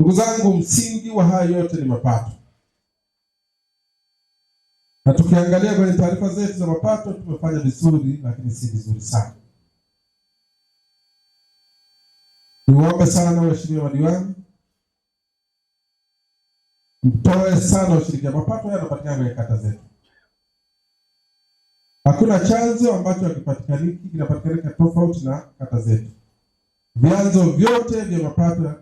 Ndugu zangu, msingi wa haya yote ni mapato, na tukiangalia kwenye taarifa zetu za mapato tumefanya vizuri, lakini si vizuri sana. Niwaombe sana waheshimiwa madiwani, mtoe sana ushirikiano. Mapato yanapatikana kwenye kata zetu, hakuna chanzo ambacho hakipatikaniki, kinapatikanika tofauti na kata zetu. Vyanzo vyote vya mapato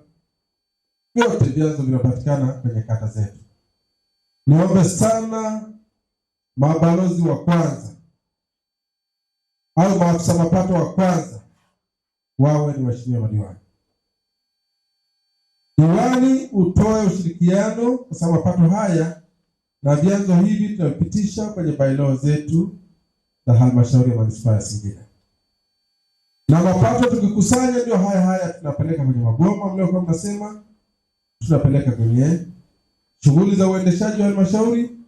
vyote vyanzo vinapatikana kwenye kata zetu. Niombe sana mabalozi wa kwanza au maafisa mapato wa kwanza wawe ni waheshimiwa madiwani. Diwani utoe ushirikiano kwa sababu mapato haya na vyanzo hivi tunapitisha kwenye bailao zetu na halmashauri ya manispaa ya Singida, na mapato tukikusanya ndio haya haya tunapeleka kwenye magoma mliokuwa mnasema tunapeleka kwenye shughuli za uendeshaji wa halmashauri,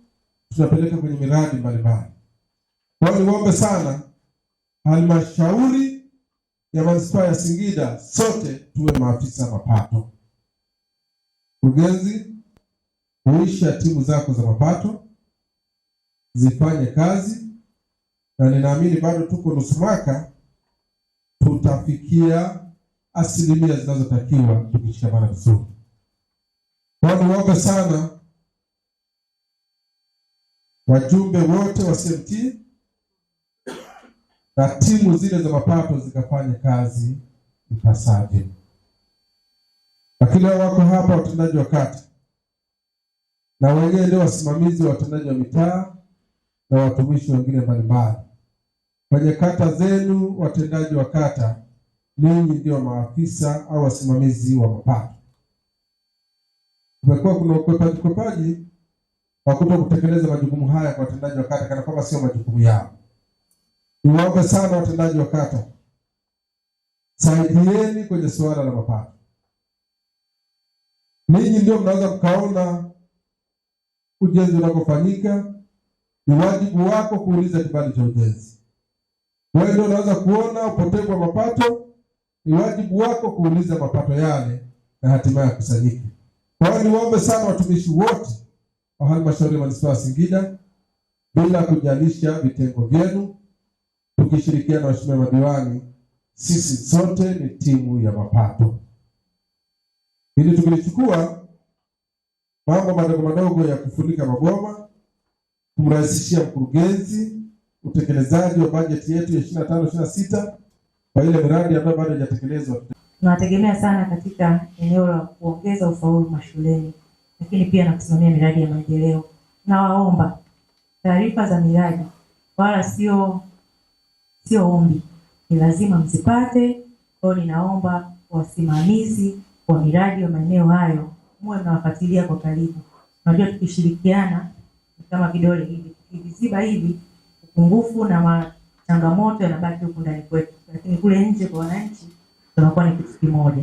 tunapeleka kwenye miradi mbalimbali. Kwa hiyo niombe sana halmashauri ya manispaa ya Singida sote tuwe maafisa mapato. Mkurugenzi, huisha timu zako za mapato zifanye kazi, na ninaamini bado tuko nusu mwaka, tutafikia asilimia zinazotakiwa tukishikamana vizuri niwaombe sana wajumbe wote wa CMT na timu zile za mapato zikafanya kazi ipasavyo. Lakini wako hapa watendaji wa kata, na wenyewe ndio wasimamizi wa watendaji wa mitaa na watumishi wengine mbalimbali kwenye kata zenu. Watendaji wa kata, ninyi ndio maafisa au wasimamizi wa mapato. Kumekuwa kuna ukwepaji ukwepaji wa kuto kutekeleza majukumu haya kwa watendaji wa kata kana kwamba sio majukumu yao. Niwaombe sana watendaji wa kata, saidieni kwenye suala la mapato. Ninyi ndio mnaweza mkaona ujenzi unakofanyika. Ni wajibu wako kuuliza kibali cha ujenzi. Wewe ndio unaweza kuona upotevu wa mapato. Ni wajibu wako kuuliza mapato yale na hatimaye yakusanyike. Kwa hiyo niwaombe sana watumishi wote wa halmashauri ya manispaa ya Singida, bila kujalisha vitengo vyenu, tukishirikiana na waheshimiwa madiwani, sisi sote ni timu ya mapato. Ili tukilichukua mambo madogo madogo ya kufunika magoma kumrahisishia mkurugenzi utekelezaji wa bajeti yetu ya 25 26 kwa ile miradi ambayo bado haijatekelezwa tunawategemea sana katika eneo la kuongeza ufaulu mashuleni, lakini pia na kusimamia miradi ya maendeleo. Nawaomba taarifa za miradi wala sio sio ombi, ni lazima mzipate. Kwao ninaomba wasimamizi wa miradi wa maeneo hayo muwe mnawafuatilia kwa karibu. Unajua, tukishirikiana kama vidole hivi, tukiviziba hivi, upungufu na changamoto yanabaki huku ndani kwetu, lakini kule nje kwa wananchi sono buoni testimoni